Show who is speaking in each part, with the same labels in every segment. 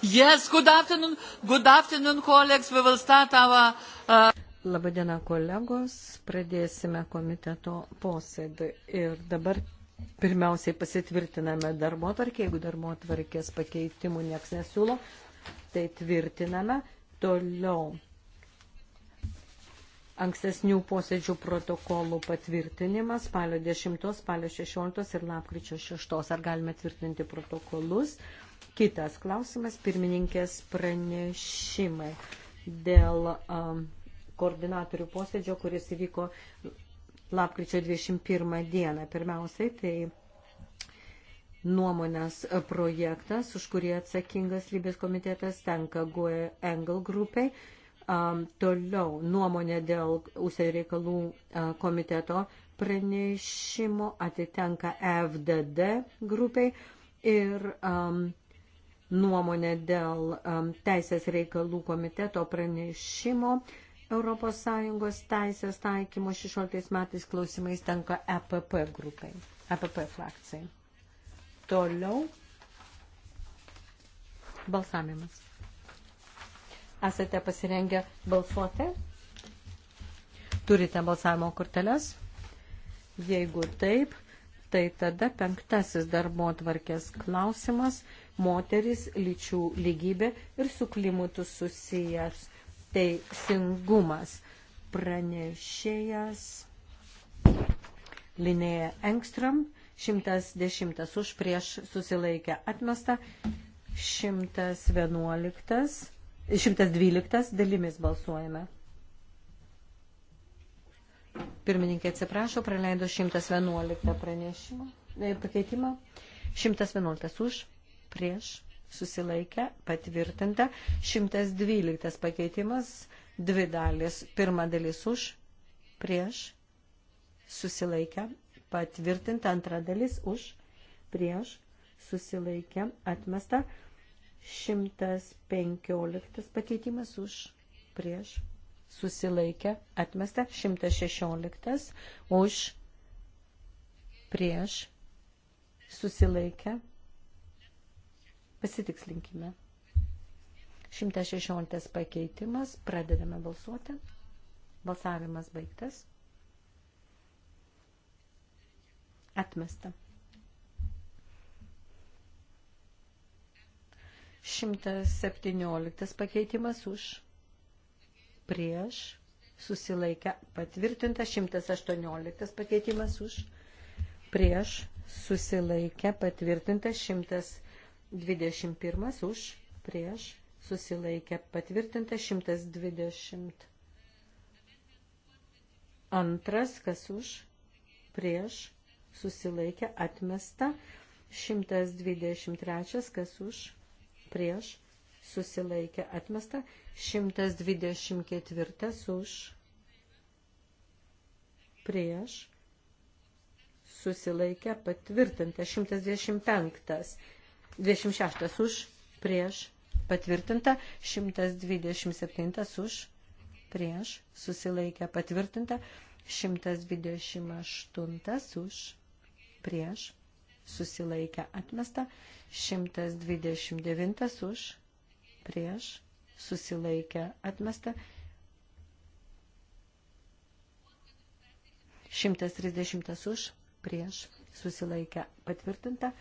Speaker 1: Yes, good afternoon, good afternoon, colleagues. We will start our.
Speaker 2: Uh... Labadiena, kolegos. Pradėsime komiteto posėdį. Ir dabar pirmiausiai pasitvirtiname darbo tvarkį. Jeigu darbo tvarkės pakeitimų nieks nesiūlo, tai tvirtiname. Toliau ankstesnių posėdžių protokolų patvirtinimas spalio 10, spalio 16 ir lapkričio 6. Ar galime tvirtinti protokolus? Kitas klausimas - pirmininkės pranešimai dėl um, koordinatorių posėdžio, kuris įvyko lapkričio 21 dieną. Pirmiausiai, tai nuomonės projektas, už kurį atsakingas lybės komitetas tenka GUE Engel grupiai Toliau nuomonė dėl užsienio reikalų komiteto pranešimo atitenka FDD grupiai ir um, nuomonė dėl um, Teisės reikalų komiteto pranešimo ES teisės taikymo 16 metais klausimais tenka EPP grupai, EPP frakcijai. Toliau balsavimas. Esate pasirengę balsuoti? Turite balsavimo korteles? Jeigu taip, tai tada penktasis darbo atvarkės klausimas - moteris, lyčių lygybė ir su klimatu susijęs teisingumas. Pranešėjas Linėja Engstrom, 110 už prieš susilaikę atmestą, 111 112 dalimis balsuojame. Pirmininkė atsiprašo, praleido 111 pranešimą, e, pakeitimą. 111 už, prieš, susilaikę, patvirtinta. 112 pakeitimas, dvi dalis. Pirma dalis už, prieš, susilaikę, patvirtinta. Antra dalis už, prieš, susilaikę, atmesta. 115 pakeitimas už prieš susilaikę atmesta. 116 už prieš susilaikę. Pasitikslinkime. 116 pakeitimas. Pradedame balsuoti. Balsavimas baigtas. Atmesta. 117 pakeitimas už prieš susilaikę patvirtinta, 118 pakeitimas už prieš susilaikę patvirtinta, 121 už prieš susilaikę patvirtinta, 122 kas už prieš susilaikę atmesta, 123 kas už prieš susilaikė atmesta, 124 už prieš susilaikė patvirtinta, 125, 26 už prieš patvirtinta, 127 už prieš susilaikė patvirtinta, 128 už prieš susilaikę atmesta, 129 už, prieš, susilaikę atmesta, 130 už, prieš, susilaikę patvirtinta,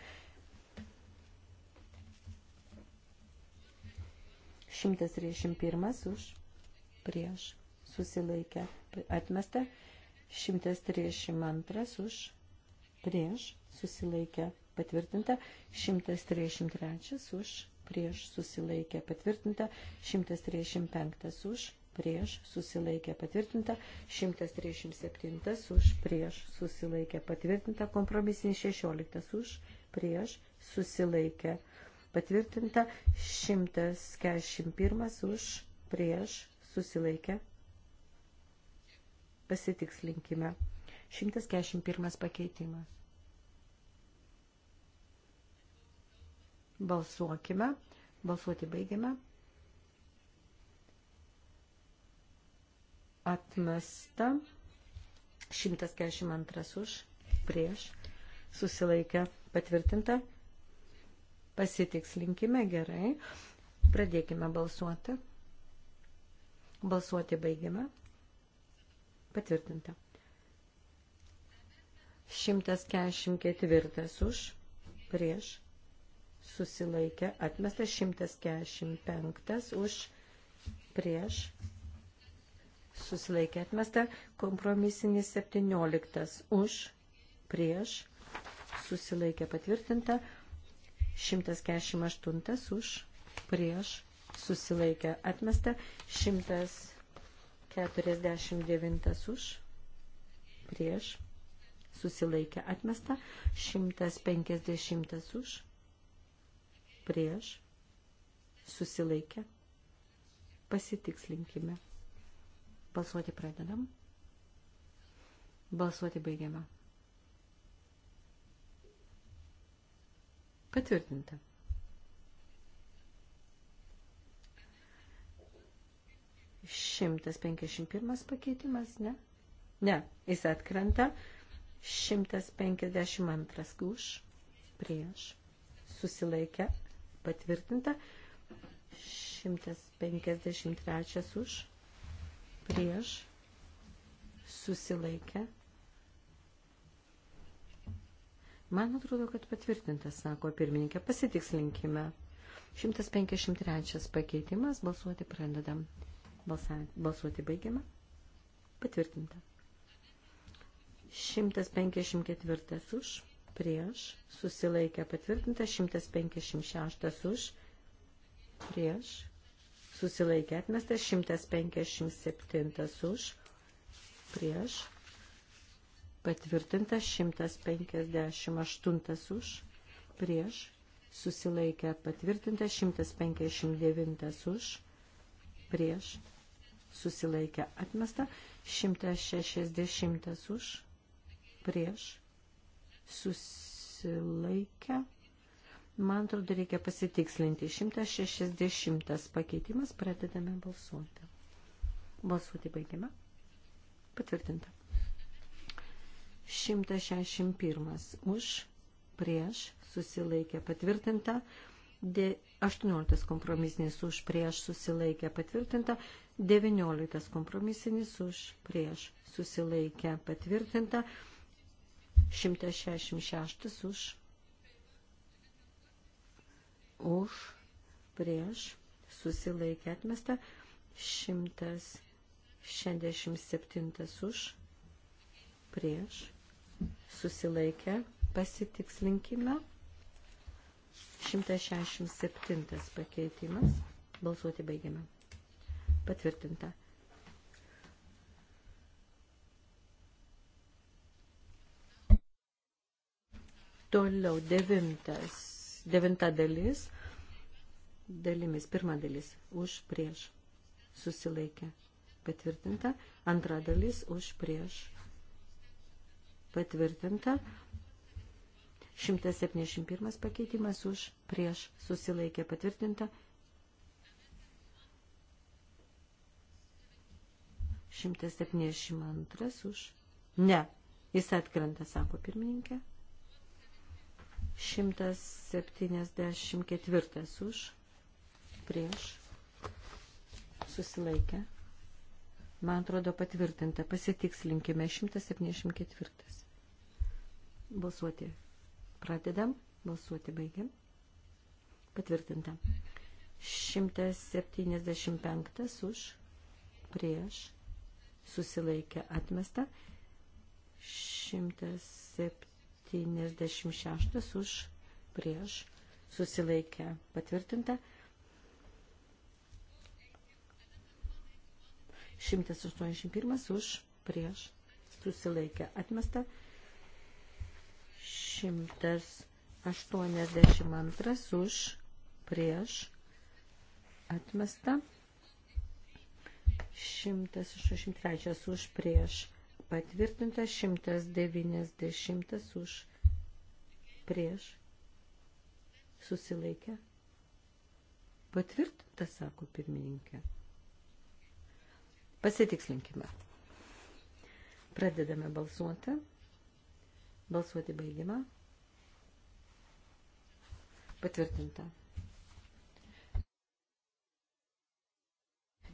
Speaker 2: 131 už, prieš, susilaikę atmesta, 132 už, prieš susilaikė patvirtinta, 133 už prieš susilaikė patvirtinta, 135 už prieš susilaikė patvirtinta, 137 už prieš susilaikė patvirtinta, kompromisinis 16 už prieš susilaikė patvirtinta, 141 už prieš susilaikė. Pasitikslinkime. 141 pakeitimas. Balsuokime. Balsuoti baigiame. Atmesta. 142 už. Prieš. Susilaikę. Patvirtinta. Pasitikslinkime gerai. Pradėkime balsuoti. Balsuoti baigiame. Patvirtinta. 144 už, prieš, susilaikė, atmestas 145 už, prieš, susilaikė, atmesta kompromisinis 17 už, prieš, susilaikė, patvirtinta 148 už, prieš, susilaikė, atmesta 149 už, prieš, susilaikė atmesta, 150 už, prieš, susilaikė, pasitikslinkime. Balsuoti pradedam, balsuoti baigiame. Patvirtinta. Šimtas penkiasdešimt pirmas pakeitimas, ne? Ne, jis atkrenta. 152 už, prieš, susilaikę, patvirtinta. 153 už, prieš, susilaikę. Man atrodo, kad patvirtintas, sako pirmininkė. Pasitikslinkime. 153 pakeitimas. Balsuoti pradedam. Balsuoti baigiame. Patvirtinta. 154 už, prieš, susilaikė patvirtinta, 156 už, prieš, susilaikė atmestas, 157 už, prieš, patvirtinta, 158 už, prieš, susilaikė patvirtinta, 159 už, prieš, susilaikė atmesta, 160 už, prieš susilaikę. Man atrodo, reikia pasitikslinti. 160 pakeitimas, pradedame balsuoti. Balsuoti baigiame. Patvirtinta. 161 už, prieš, susilaikė, patvirtinta. 18 kompromisinis už, prieš, susilaikė, patvirtinta. 19 kompromisinis už, prieš, susilaikė, patvirtinta. 19 166 už, už, prieš, susilaikė atmesta, 167 už, prieš, susilaikė, pasitikslinkime, 167 pakeitimas, balsuoti baigiame, patvirtinta, 168. Toliau devintas, devinta dalis, dalimis, pirma dalis, už prieš, susilaikė, patvirtinta, antra dalis, už prieš, patvirtinta, 171 pakeitimas už prieš, susilaikė, patvirtinta, 172 už. Ne, jis atkrenta, sako pirmininkė. 174 už, prieš, susilaikę. Man atrodo patvirtinta. Pasitikslinkime 174. Balsuoti. Pradedam. Balsuoti baigiam. Patvirtinta. 175 už, prieš, susilaikę atmestą. 170. 76 už prieš susilaikę patvirtinta. 181 už prieš susilaikę atmesta. 182 už prieš atmesta. 163 už prieš patvirtinta 190 už prieš susilaikę. Patvirtinta, sako pirmininkė. Pasitikslinkime. Pradedame balsuoti. Balsuoti baigimą. Patvirtinta.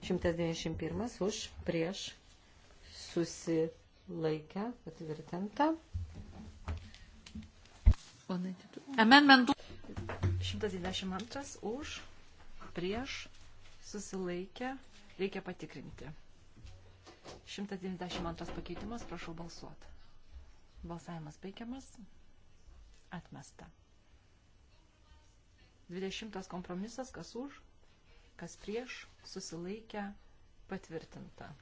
Speaker 2: 191 už prieš susi laikę patvirtinta.
Speaker 1: Amendmentų. 122 už, prieš, susilaikę, reikia patikrinti. 192 pakeitimas, prašau balsuoti. Balsavimas baigiamas, atmesta. 20 kompromisas, kas už, kas prieš, susilaikę, patvirtinta.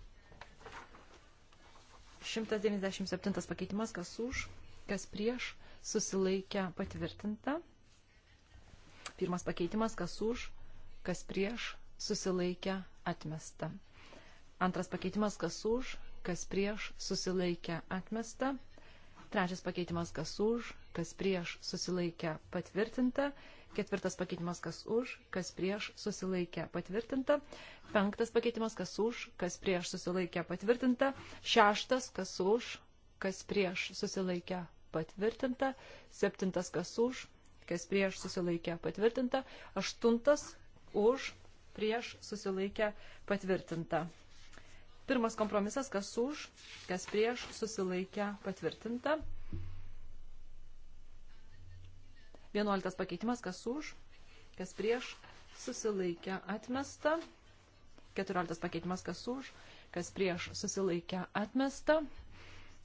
Speaker 1: 197 pakeitimas, kas už, kas prieš, susilaikę patvirtinta. Pirmas pakeitimas, kas už, kas prieš, susilaikę atmesta. Antras pakeitimas, kas už, kas prieš, susilaikę atmesta. Trečias pakeitimas, kas už, kas prieš, susilaikę patvirtinta. Ketvirtas pakeitimas, kas už, kas prieš, susilaikė patvirtinta. Penktas pakeitimas, kas už, kas prieš, susilaikė patvirtinta. Šeštas, kas už, kas prieš, susilaikė patvirtinta. Septintas, kas už, kas prieš, susilaikė patvirtinta. Aštuntas, už, prieš, susilaikė patvirtinta. Pirmas kompromisas, kas už, kas prieš, susilaikė patvirtinta. 11 pakeitimas, kas už, kas prieš, susilaikę atmesta. 14 pakeitimas, kas už, kas prieš, susilaikę atmesta.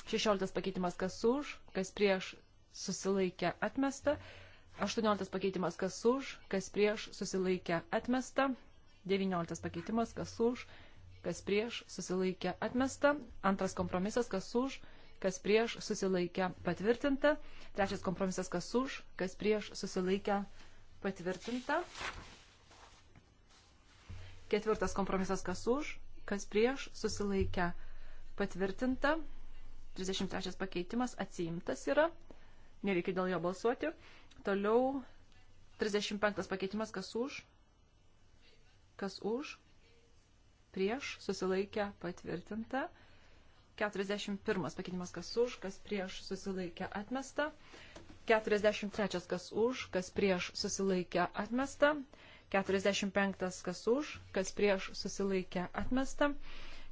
Speaker 1: 16 pakeitimas, kas už, kas prieš, susilaikę atmesta. 18 pakeitimas, kas už, kas prieš, susilaikę atmesta. 19 pakeitimas, kas už, kas prieš, susilaikę atmesta. Antras kompromisas, kas už, kas prieš kas prieš susilaikę patvirtinta. Trečias kompromisas, kas už, kas prieš susilaikę patvirtinta. Ketvirtas kompromisas, kas už, kas prieš susilaikę patvirtinta. 33 pakeitimas atsiimtas yra. Nereikia dėl jo balsuoti. Toliau 35 pakeitimas, kas už, kas už, prieš susilaikę patvirtinta. 41 pakeitimas kas už, kas prieš susilaikę atmesta. 43 kas už, kas prieš susilaikę atmesta. 45 kas už, kas prieš susilaikę atmesta.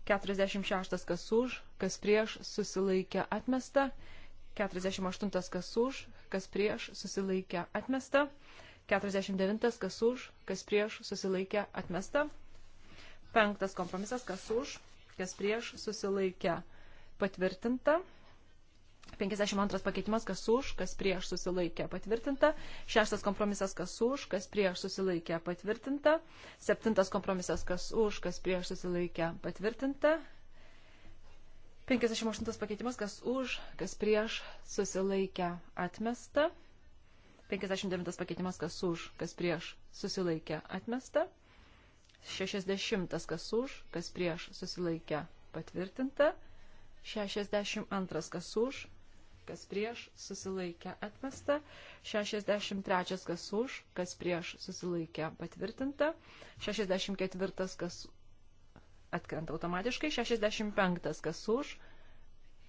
Speaker 1: 46 kas už, kas prieš susilaikę atmesta. 48 kas už, kas prieš susilaikę atmesta. 49 kas už, kas prieš susilaikę atmesta. 5 kompromisas kas už, kas prieš susilaikę atmesta patvirtinta. 52 pakeitimas, kas už, kas prieš susilaikė patvirtinta. 6 kompromisas, kas už, kas prieš susilaikė patvirtinta. 7 kompromisas, kas už, kas prieš susilaikė patvirtinta. 58 pakeitimas, kas už, kas prieš susilaikė atmesta. 59 pakeitimas, kas už, kas prieš susilaikė atmesta. 60 kas už, kas prieš susilaikė patvirtinta. 62 kas už, kas prieš susilaikė atmesta, 63 kas už, kas prieš susilaikė patvirtinta, 64 kas atkrenta automatiškai, 65 kas už,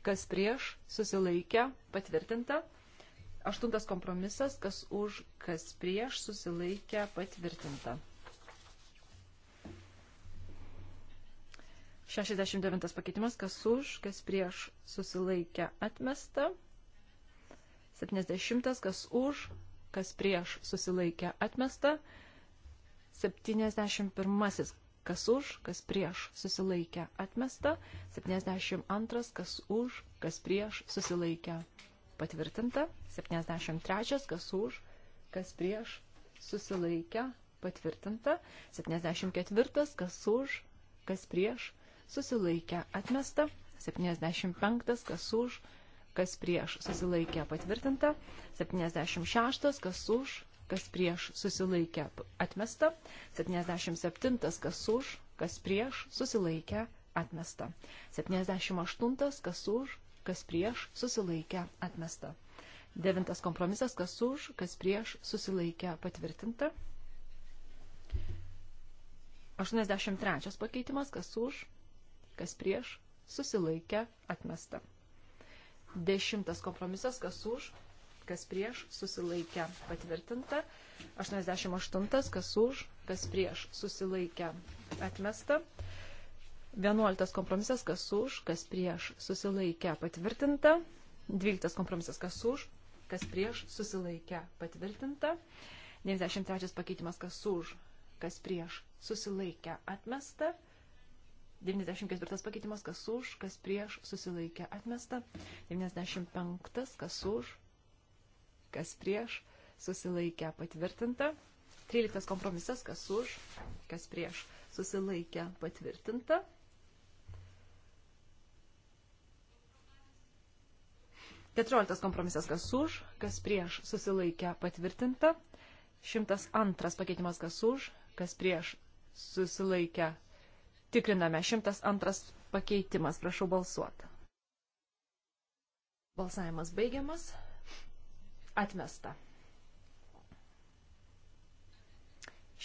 Speaker 1: kas prieš susilaikė patvirtinta, 8 kompromisas, kas už, kas prieš susilaikė patvirtinta. 69 pakeitimas, kas už, kas prieš susilaikę atmesta. 70, kas už, kas prieš susilaikę atmesta. 71, kas už, kas prieš susilaikę atmesta. 72, kas už, kas prieš susilaikę patvirtinta. 73, kas už, kas prieš susilaikę patvirtinta. 74, kas už, kas prieš susilaikę susilaikę atmesta, 75 kas už, kas prieš susilaikę patvirtinta, 76 kas už, kas prieš susilaikę atmesta, 77 kas už, kas prieš susilaikę atmesta, 78 kas už, kas prieš susilaikę atmesta. Devintas kompromisas, kas už, kas prieš susilaikę patvirtinta. 83 pakeitimas, kas už, kas prieš, susilaikę, atmesta. Dešimtas kompromisas, kas už, kas prieš, susilaikę, patvirtinta. 88, kas už, kas prieš, susilaikę, atmesta. 11 kompromisas, kas už, kas prieš, susilaikę, patvirtinta. 12 kompromisas, kas už, kas prieš, susilaikę, patvirtinta. 93 pakeitimas, kas už, kas prieš, susilaikę, atmesta. 94 pakeitimas, kas už, kas prieš, susilaikė atmesta. 95, kas už, kas prieš, susilaikė patvirtinta. 13 kompromisas, kas už, kas prieš, susilaikė patvirtinta. Keturioliktas kompromisas, kas už, kas prieš, susilaikė patvirtinta. Šimtas antras pakeitimas, kas už, kas prieš, susilaikė patvirtinta Tikriname 102 pakeitimas. Prašau balsuoti. Balsavimas baigiamas. Atmesta.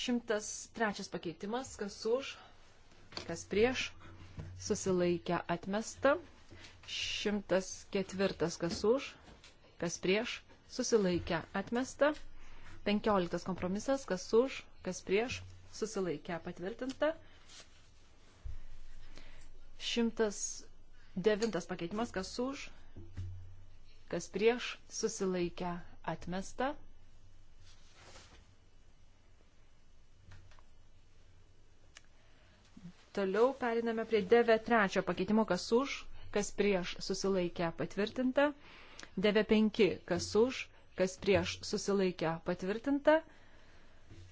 Speaker 1: 103 pakeitimas. Kas už, kas prieš. Susilaikę atmesta. 104 kas už, kas prieš. Susilaikę atmesta. 15 kompromisas. Kas už, kas prieš. Susilaikę patvirtinta. 109 pakeitimas, kas už, kas prieš, susilaikę, atmesta. Toliau periname prie 93 pakeitimo, kas už, kas prieš, susilaikę, patvirtinta. 95, kas už, kas prieš, susilaikę, patvirtinta.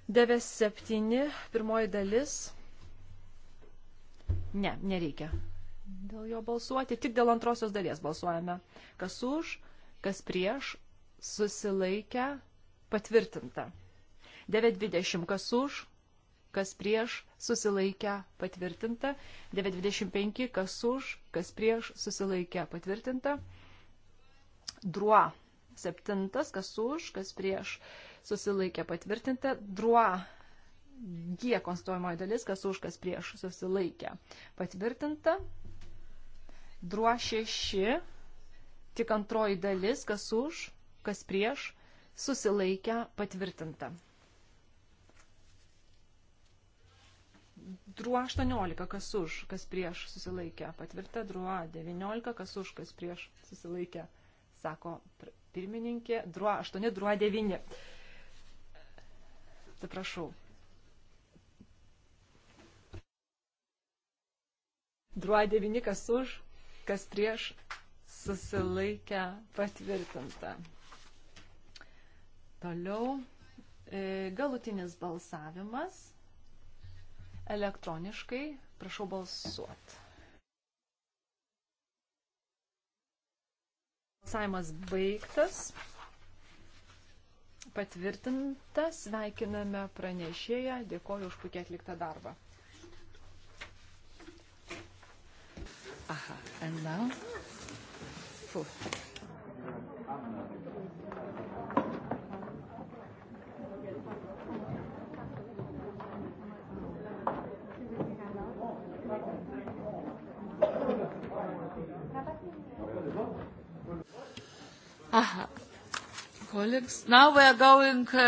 Speaker 1: 97, pirmoji dalis Ne, nereikia. Dėl jo balsuoti. Tik dėl antrosios dalies balsuojame. Kas už, kas prieš, susilaikę, patvirtinta. 920 kas už, kas prieš, susilaikę, patvirtinta. 925 kas už, kas prieš, susilaikę, patvirtinta. Druo septintas, kas už, kas prieš, susilaikė patvirtinta. Drua G konstatuojamoji dalis, kas už, kas prieš susilaikė. Patvirtinta. Druo 6, tik antroji dalis, kas už, kas prieš susilaikę patvirtinta. Druo 18, kas už, kas prieš susilaikę patvirtinta. Druo 19, kas už, kas prieš susilaikę, sako pirmininkė. Druo 8, druo 9. Atsiprašau. Gruodė 9, kas už, kas prieš, susilaikę patvirtinta. Toliau e, galutinis balsavimas elektroniškai. Prašau balsuoti. Balsavimas baigtas. Patvirtinta, sveikiname pranešėją, dėkoju už puikiai atliktą darbą. Aha. And now? Four. Aha. Uh, uh,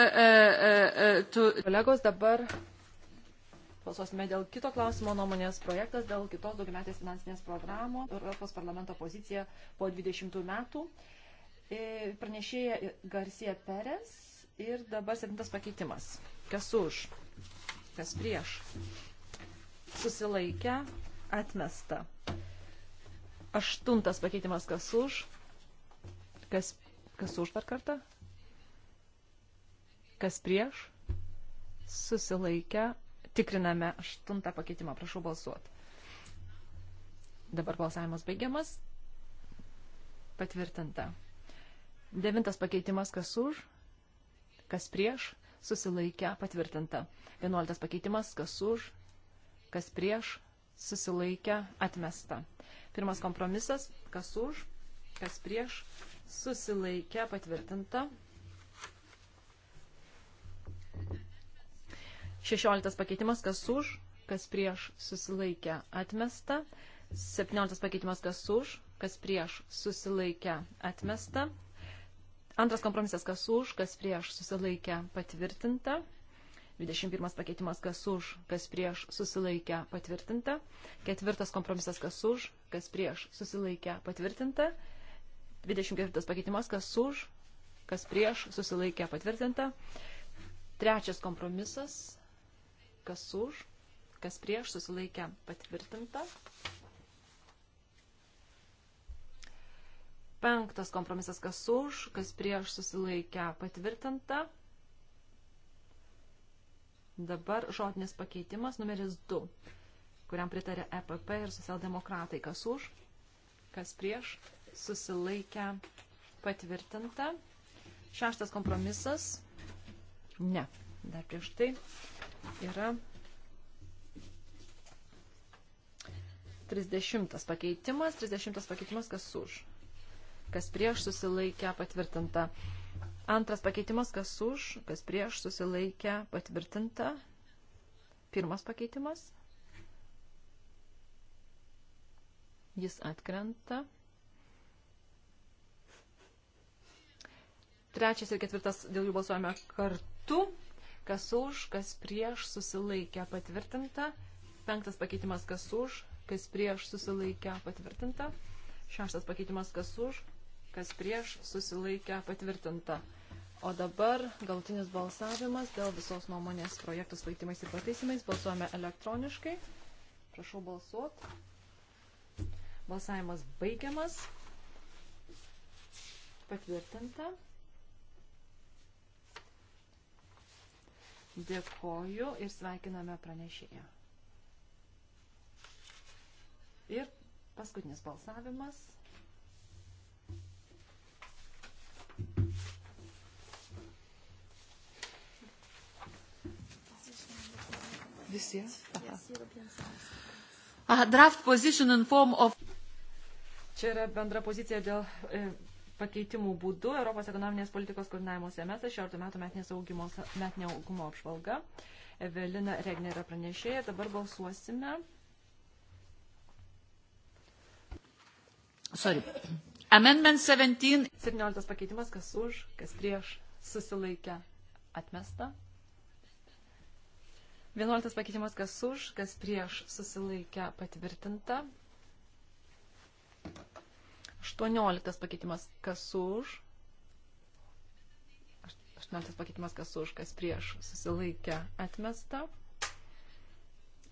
Speaker 1: uh, Kolegos, dabar Balsuosime dėl kito klausimo nuomonės projektas, dėl kitos daugiametės finansinės programos, Europos parlamento pozicija po 20 metų. E, pranešėja Garcia Perez ir dabar septintas pakeitimas. Kas už, kas prieš. Susilaikę, atmesta. Aštuntas pakeitimas, kas už, kas, kas už dar kartą, kas prieš, susilaikę, tikriname aštuntą pakeitimą. Prašau balsuoti. Dabar balsavimas baigiamas. Patvirtinta. Devintas pakeitimas kas už, kas prieš, susilaikę, patvirtinta. Vienuoliktas pakeitimas kas už, kas prieš, susilaikę, atmesta. Pirmas kompromisas kas už, kas prieš, susilaikę, patvirtinta. 16 pakeitimas, kas už, kas prieš susilaikę atmesta. 17 pakeitimas, kas už, kas prieš susilaikę atmesta. Antras kompromisas, kas už, kas prieš susilaikę patvirtinta. 21 pakeitimas kas už, kas prieš susilaikę patvirtinta. Ketvirtas kompromisas kas už, kas prieš susilaikę patvirtinta. 24 pakeitimas kas už, kas prieš susilaikę patvirtinta. Trečias kompromisas kas už, kas prieš susilaikė patvirtinta. Penktas kompromisas, kas už, kas prieš susilaikė patvirtinta. Dabar žodinis pakeitimas numeris 2, kuriam pritarė EPP ir socialdemokratai, kas už, kas prieš susilaikę patvirtinta. Šeštas kompromisas. Ne, dar prieš tai yra 30 pakeitimas, 30 pakeitimas, kas už, kas prieš susilaikę patvirtinta. Antras pakeitimas, kas už, kas prieš susilaikę patvirtinta. Pirmas pakeitimas. Jis atkrenta. Trečias ir ketvirtas dėl jų balsuojame kartu kas už, kas prieš susilaikę patvirtinta. Penktas pakeitimas, kas už, kas prieš susilaikę patvirtinta. Šeštas pakeitimas, kas už, kas prieš susilaikę patvirtinta. O dabar galtinis balsavimas dėl visos nuomonės projektų svaitimais ir pataisimais. Balsuojame elektroniškai. Prašau balsuot. Balsavimas baigiamas. Patvirtinta. Dėkoju ir sveikiname pranešėją. Ir paskutinis balsavimas. Visi? Aha. Draft position in form of. Čia yra bendra pozicija dėl e, pakeitimų būdu Europos ekonominės politikos koordinavimo semestras 16 metų metinės augimo, metinio augumo apžvalga. Evelina Regner yra pranešėja. Dabar balsuosime. Sorry. Amendment 17. 17 pakeitimas, kas už, kas prieš, susilaikę, atmesta. 11 pakeitimas, kas už, kas prieš, susilaikę, patvirtinta. 18 pakeitimas kas už. 18 pakeitimas kas už, kas prieš susilaikę atmesta.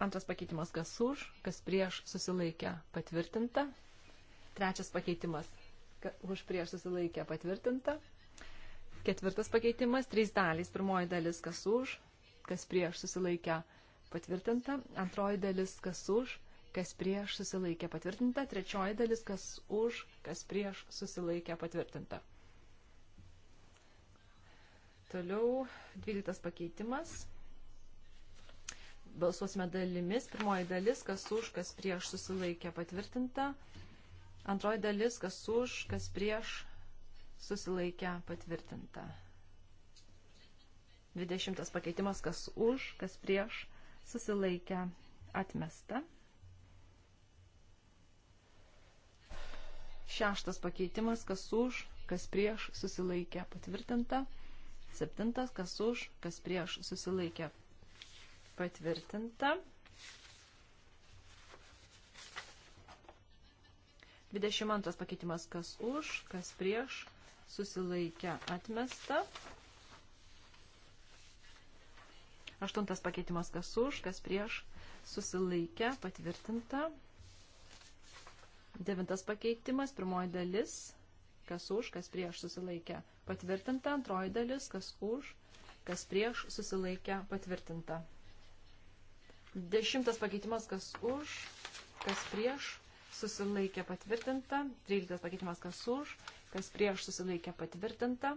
Speaker 1: Antras pakeitimas kas už, kas prieš susilaikę patvirtinta. Trečias pakeitimas už prieš susilaikę patvirtinta. Ketvirtas pakeitimas, trys dalys. Pirmoji dalis kas už, kas prieš susilaikę patvirtinta. Antroji dalis kas už, kas prieš susilaikė patvirtinta, trečioji dalis, kas už, kas prieš susilaikė patvirtinta. Toliau dvyliktas pakeitimas. Balsuosime dalimis. Pirmoji dalis, kas už, kas prieš susilaikė patvirtinta. Antroji dalis, kas už, kas prieš susilaikė patvirtinta. Dvidešimtas pakeitimas, kas už, kas prieš susilaikė atmesta. Šeštas pakeitimas, kas už, kas prieš susilaikė patvirtinta. Septintas, kas už, kas prieš susilaikė patvirtinta. 22 pakeitimas, kas už, kas prieš susilaikė atmesta. Aštuntas pakeitimas, kas už, kas prieš susilaikė patvirtinta. Devintas pakeitimas, pirmoji dalis, kas už, kas prieš susilaikė patvirtinta, antroji dalis, kas už, kas prieš susilaikė patvirtinta. Dešimtas pakeitimas, kas už, kas prieš susilaikė patvirtinta, tryliktas pakeitimas, kas už, kas prieš susilaikė patvirtinta,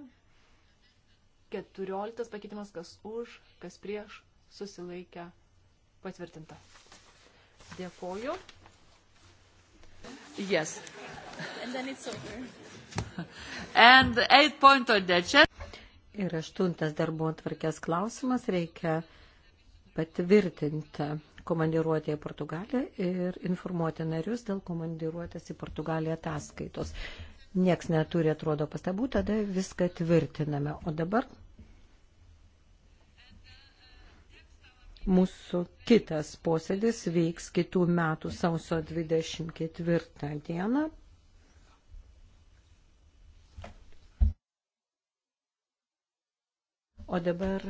Speaker 1: keturioliktas pakeitimas, kas už, kas prieš susilaikė patvirtinta. Dėkoju. Yes. And then it's over. And eight point on the
Speaker 2: chat. Ir aštuntas darbo atvarkės klausimas reikia patvirtinti komandiruotėje Portugaliją ir informuoti narius dėl komandiruotės į Portugaliją ataskaitos. Niekas neturi, atrodo, pastabų, tada viską tvirtiname. O dabar Mūsų kitas posėdis vyks kitų metų sausio 24 dieną. O dabar,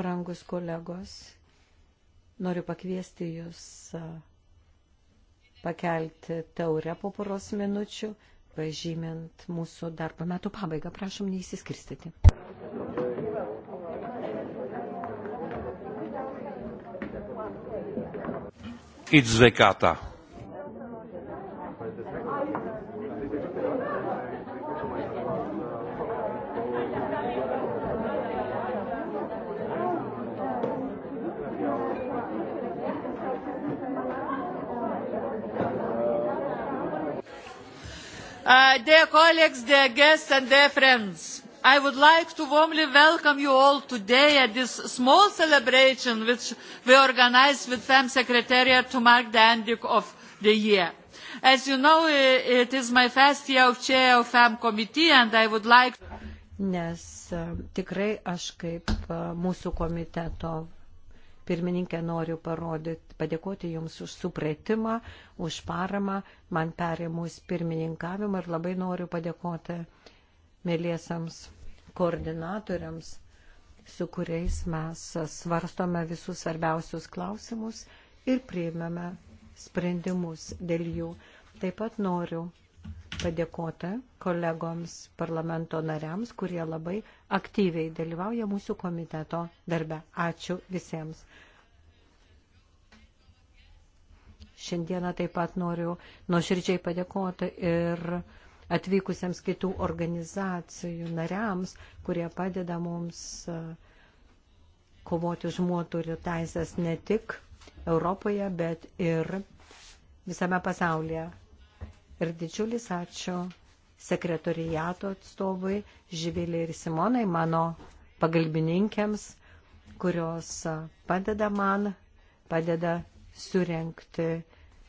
Speaker 2: brangus kolegos, noriu pakviesti jūs pakelti taurę po poros minučių, pažymint mūsų darbo metų pabaigą. Prašom neįsiskirstyti. It's decata.
Speaker 1: Uh, dear colleagues, dear guests and dear friends. I would like to warmly welcome you all today at this small celebration which we organized with FEM Secretariat to mark the end of the year. As you know, it is my first year of chair of FEM committee and I would like...
Speaker 2: Nes um, tikrai aš kaip uh, mūsų komiteto pirmininkė noriu parodyti, padėkoti Jums už supratimą, už paramą, man perėmus pirmininkavimą ir labai noriu padėkoti mėliesiams koordinatoriams, su kuriais mes svarstome visus svarbiausius klausimus ir priimame sprendimus dėl jų. Taip pat noriu padėkoti kolegoms parlamento nariams, kurie labai aktyviai dalyvauja mūsų komiteto darbe. Ačiū visiems. Šiandieną taip pat noriu nuoširdžiai padėkoti ir atvykusiems kitų organizacijų nariams, kurie padeda mums e, kovoti už moterų teisės ne tik Europoje, bet ir visame pasaulyje. Ir didžiulis ačiū sekretorijato atstovui Živilė ir Simonai, mano pagalbininkėms, kurios padeda man, padeda surenkti,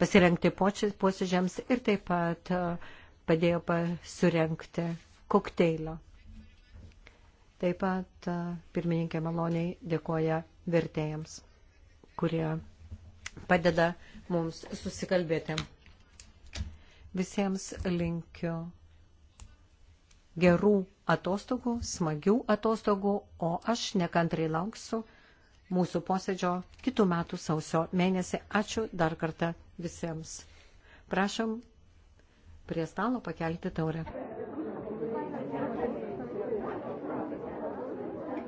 Speaker 2: pasirenkti posėdžiams ir taip pat uh, padėjo surenkti kokteilio. Taip pat pirmininkė maloniai dėkoja vertėjams, kurie padeda mums susikalbėti. Visiems linkiu gerų atostogų, smagių atostogų, o aš nekantrai lauksiu mūsų posėdžio kitų metų sausio mėnesį. Ačiū dar kartą visiems. Prašom prie stalo pakelti taurę.